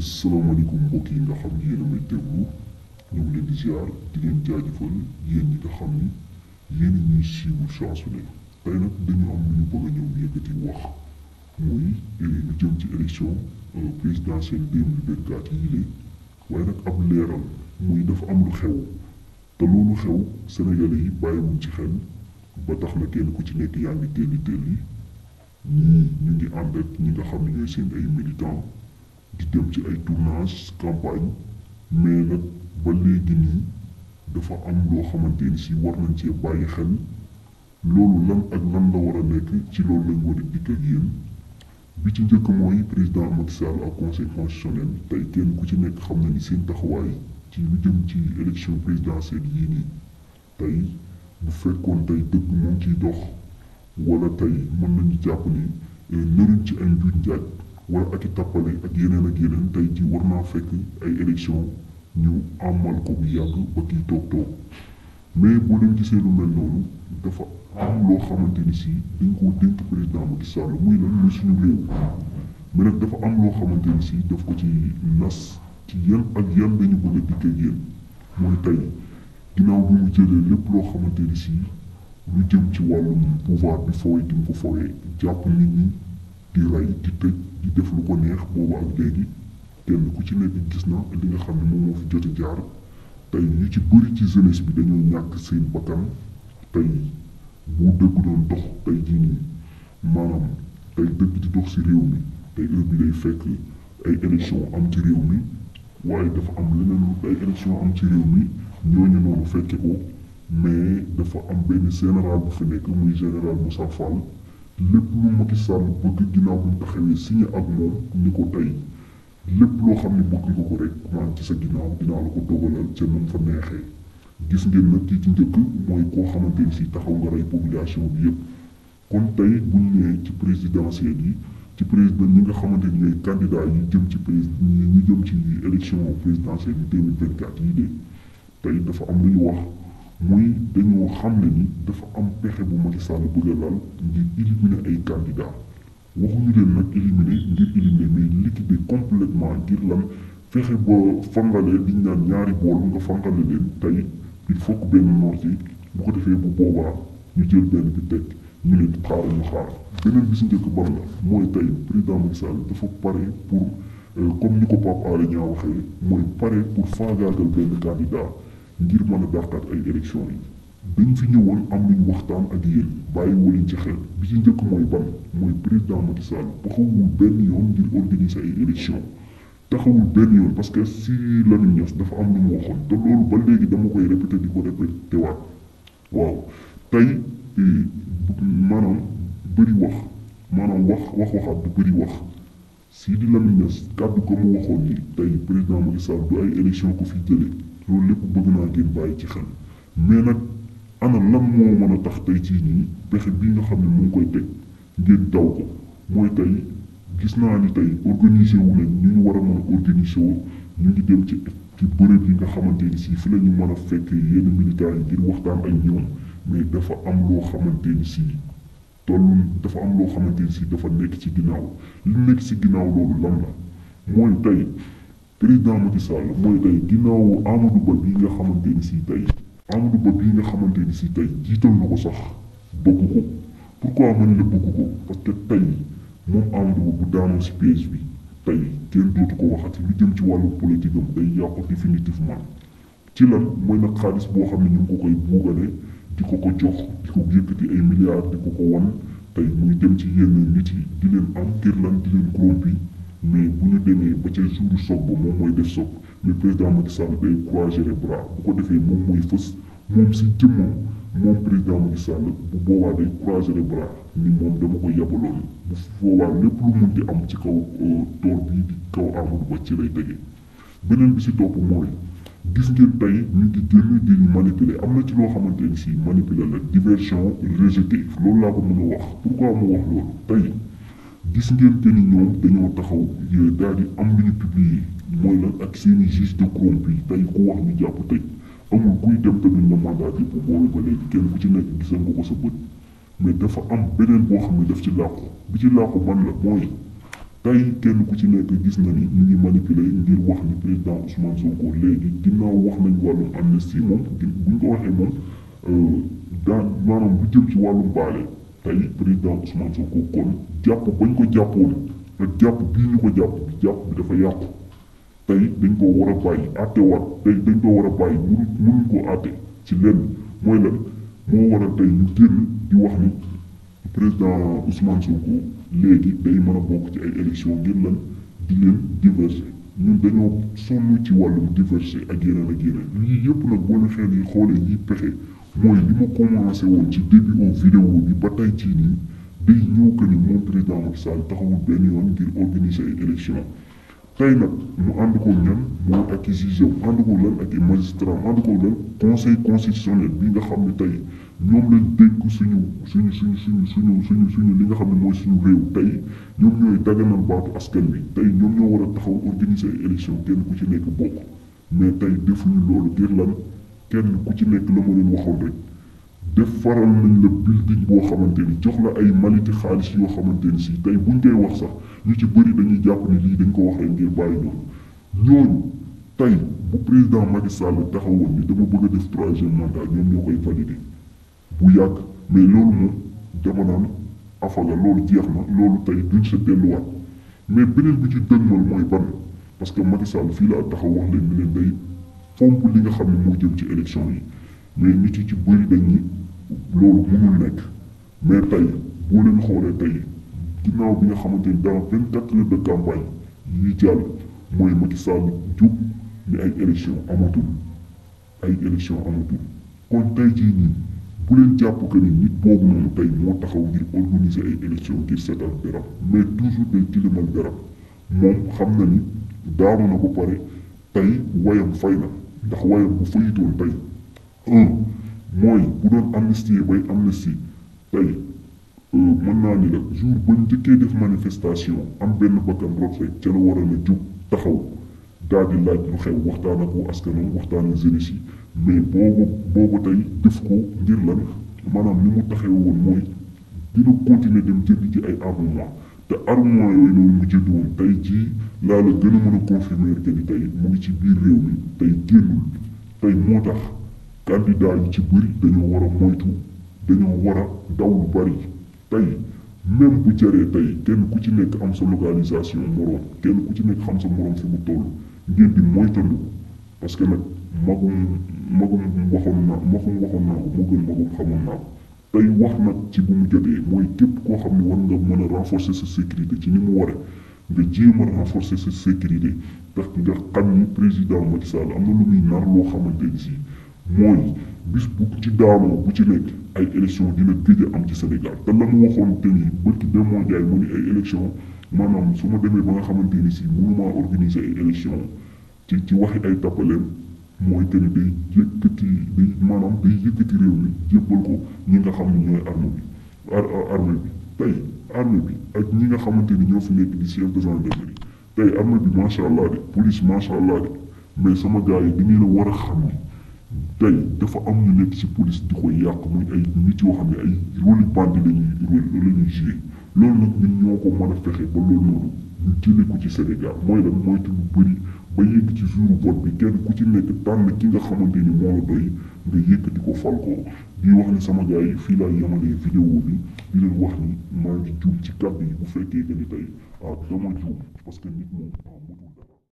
asalaamaaleykum mbokk yi nga xam ne may déglu ñu ngi leen di ziar di leen jaajëfal yéen ñi nga xam ni am lu ñu bëgg a ñëw yëkkati wax muy eh, lu jëm ci élection euh, présidentielle 2024 yii la waaye nag ab leeral muy dafa am lu xew te loolu xew Sénégalais yi bàyyiwuñ ci xel ba tax na kenn ko ci nekk yaa ngi teel a teel ñu ngi ànd ak ñi nga xam ne ñooy seen ay militants. di dem ci ay tournage campagne mais nag ba léegi nii dafa am loo xamante si war nañ cee bàyyi xel loolu lan ak lan la war a nekk ci loolu lañ war a dikk ak bi ci njëkk mooy président Macky Sall ak conseil constitutionnel tey kenn ku ci nekk xam na ni seen taxawaay ci lu jëm ci élection présidentielle yii nii tey bu fekkoon tey dëgg moom ciy dox wala tey mën nañu jàpp ni eh, nëruñ ci ay njuuj njaaj wala ak i tappale ak yeneen ak yeneen tey ji war naa fekk ay élection ñu amal ko bu yàgg ba kii toog toog mais boo leen gisee lu mel noonu dafa am loo xamante ni daf ko ci nas ci yan ak yan dañu bëgg a dikk ak yéen mooy tey ginnaaw bi mu jëlee lépp loo xamante ni lu jëm ci wàllum pouvoir bi fooy di mu ko fowee jàpp nit ñi di ray di tëj di def lu ko neex boobu ak léegi kenn ku ci nekk gis na li nga xam ne moom moo fi jot a jaar tey ñu ci bëri ci jeunesse bi dañoo ñàkk seen bakkan tey bu dëgg doon dox tey jii nii maanaam tey dëgg di dox si réew mi tey heure bi day fekk ay élection am ci réew mi waaye dafa am leneen ay élection am ci réew mi ñooñu noonu fekke ko mais dafa am benn général bu fi nekk muy général Moussa Fall lépp lu Macky Sall bëgg ginnaaw bu mu taxawee signé ak moom ni ko tey lépp loo xam ne bëgg nga ko rek maa ngi ci sa ginnaaw dinaa la ko dogalal ca nam fa neexee gis ngeen nag ki ci njëkk mooy koo xamante si taxaw nga rey population bi yépp kon tey bu ñu ci présidentielle yi ci président ñi nga xamante ni ñooy yi jëm ci président ñu jëm ci élection présidentielle yi 2024 yi de tey dafa am lu wax muy dañoo xam ne ni dafa am pexe bu Macky Sall bëgg a laal ngir éliminer ay candidats waxuñu leen nag éliminer ngir éliminer mais liquider complètement ngir lan fexe ba fangale liñ ñaari bool nga fangale leen tey il faut benn noor ci bu ko defee bu boobaa ñu jël benn bi teg ñu leen xaar xaar beneen bi si njëkk ban mooy tey président Macky Sall dafa pare pour euh, comme ni ko Pape Alé waxee mooy pare pour faagaagal benn candidat. ngir mën a dàqaat ay élection yi dañ fi ñëwoon am luñ waxtaan ak yéen bàyyiwoo leen ci xel bi ci njëkk mooy ban mooy président Macky Sall taxawul benn taxawul benn yoon parce que si Lamine Niass dafa am lu mu waxoon te ba léegi dama koy répété di ko répété waat waaw tey eh, maanaam bëri wax maanaam wax wax waxaat du bëri wax si di Lamine Niass kàddu ko mu waxoon ni tey président Macky Sall du ay élection ko fi jëlee loolu lépp bëgg naa ngeen bàyyi ci xel mais nag ana lan moo mën a tax tey jii nii pexe bii nga xam ne mu ngi koy teg ngeen daw ko mooy tey gis naa ni tey organiser wu nañ war a mën a organiser ngi dem ci ci bërëb yi nga xamante ni si fi la ñu a fekkee yenn militaires yi ngir waxtaan ak ñoom mais dafa am loo xamante ni si tollu dafa am loo xamante ni dafa nekk ci ginnaaw li nekk ci ginnaaw loolu lan la mooy tey. président Macky Sall mooy tey ginnaaw Amadou Ba bii nga xamante ni si tey Amadou Ba bii nga xamante si tey jiital na ko sax bëgg ko pourquoi man la bëgg ko parce tey moom Amadou Ba bu daanoo si bi tey kenn dootu ko waxati lu jëm ci wàllu politique am yàqu définitivement ci lan mooy nag xaalis boo xam ne ñu ngi koy buugale di ko ko jox di ko yëkkati ay milliards di ko ko wan tey muy dem ci yenn nit yi di leen am ngir lan di leen corrompre mais bu ñu demee ba ca jour soog ba moom mooy def soog le président Macky Sall day croiser les bras bu ko defee moom mooy fës moom si jëmmam moom président Macky Sall bu boobaa day croiser bras ni moom dama ko yabaloon bu boobaa lépp lu mun di am ci kaw euh, toor bii di kaw Amadou Ba ci lay tege beneen bi si topp mooy gis ngeen tey ñu ngi génn di manipuler am na ci loo xamante ni si manipuler la diversion rejeté loolu laa ko mën a wax pourquoi mu wax gis ngeen que ni ñoom dañoo taxaw daal di am lu ñu publier mooy lan ak seeni juge de corrompu yi tey ku wax ñu jàpp tey amul kuy dem te duñ la mandat dépôt boobu ba léegi kenn ku ci nekk gisal dafa am beneen boo xam ne ci làqu bi ci làqu man la mooy tey kenn ku ci nekk gis na ni ñu ngi manipuler ngir wax ni président Ousmane Sonko léegi ginnaaw wax nañ wàllum amnistie moom buñ ko waxee moom euh, daan maanaam lu jëm ci wàllum baale. tey président Ousmane Sonko kon jàpp bañ ko jàppoon ak jàpp bii ñu ko jàpp bi jàpp bi dafa yàqu tey dañ ko war a bàyyi àtte war tey dañ ko war a bàyyi mënu mënuñ koo àtte ci lenn mooy lan moo waral tey ñu génn di wax ni président Ousmane Sonko léegi day mën a bokk ci ay élection ngir lan di leen diverser dañoo sonn ci wàllum diverser ak yeneen ak yeneen lii yëpp nag boo leen xel yi pexe mooy li ma commencé woon ci début au vidéo bi ba tey ci nii day ñëw que ni moom président taxawul benn yoon ngir organiser ay tey nag mu ànd ko mooy ak i juge ànd lan ak i magistrat ànd lan conseil constitutionnel bi nga xam ne tey ñoom lañ dénk suñu suñu suñu suñu suñu suñu suñu nga xam ne mooy suñu réew tey ñoom ñooy daganal baatu askan bi tey ñoom ñoo war a taxaw organiser ay kenn ku ci nekk bokk mais tey kenn ku ci nekk la ma leen waxoon rek defaral nañ la building boo xamante ni jox la ay maliti xaalis yoo xamante ni si tey buñ koy wax sax ñu ci bëri dañuy jàpp ni lii dañ ko wax rek ngir bàyyi ñoom ñooñu tey bu président Macky Sall taxawoon ni dama bëgg a def troisième mandat ñoom ñoo koy valider bu yàgg mais loolu moom dama naan afaga loolu jeex na loolu tey duñ sa delluwaat mais beneen bi ci dëgmal mooy ban parce que Macky Sall fii la taxaw wax leen ni leen day fonk li nga xam ne moo jëm ci élection yi mais nit yi ci bëri dañ ni loolu mënul nekk mais tey boo leen xoolee tey ginnaaw bi nga xamante nit boobu na ni pare Pain, wayam fayna ndax wayam bu fayitoon tey un mooy bu doon amnistie bay amnistie tey mën naa ni la jour ba njëkkee def manifestation am benn bakkan rot fay ca la waroon a jug taxaw daal di laaj lu xew waxtaan ak wu waxtaan ak jeunesse yi mais boobu boobu tey def ko ngir lan maanaam ni mu taxee woon mooy dina continuer dem jënd ci ay armement te armement loolu noonu mu jënd woon tey jii laa la gën a mën a confirmer que ni tey mu ngi ci biir réew mi tey génnul tey moo tax candidat yi ci bëri dañoo war moytu dañoo war daw lu bari tey même bu jaree tey kenn ku ci nekk am sa localisation moroom kenn ku ci nekk xam sa moroom fi mu toll ngeen di moytandu parce que nag magum magum waxoon naa magum waxoon naa ko moo gën magum xamoon naa ko tey wax nag ci bu mu jotee mooy képp koo xam ne war nga mën a renforcer sa sécurité ci ni mu waree nga jéem a renforcer sa sécurité tax nga xam ni président Macky Sall am na lu muy nar loo xamante si mooy bis bu ci daanoo bu ci nekk ay élection dina gëj a am ci Sénégal te la mu waxoon te ni bërki demoo jaay mu ni ay élection maanaam su ma demee ba nga xamante ni si mënumaa organiser ay élection ci ci waxi ay tappaleem mooy que ni day yëkkati day maanaam day yëkkati réew mi jébbal ko ñi nga xam ne ñooy armée bi ar armée bi tey armée bi ak ñi nga xamante ni ñoo fi nekk di chef de bi macha allah de police macha allah de mais sama gars yi la war a xam ni tey dafa am ñu nekk ci police di ko yàq muy ay nit yoo xam ne ay rôle bandi lañuy rôle lañuy joué loolu nag ñoo ko mën a fexe ba loolu noonu ñu ko ci Sénégal mooy lan moytu lu bëri. ba yéeg ci jour vote bi kenn ku ci nekk tànn ki nga xamante ni moo la doy nga yëkkati ko fal ko wax ni sama gars yi fii laay yemalee vidéo bi di leen wax ni maa ngi juum ci kàddu yi bu fekkee que ni tey ah, dama juum parce que nit moom ah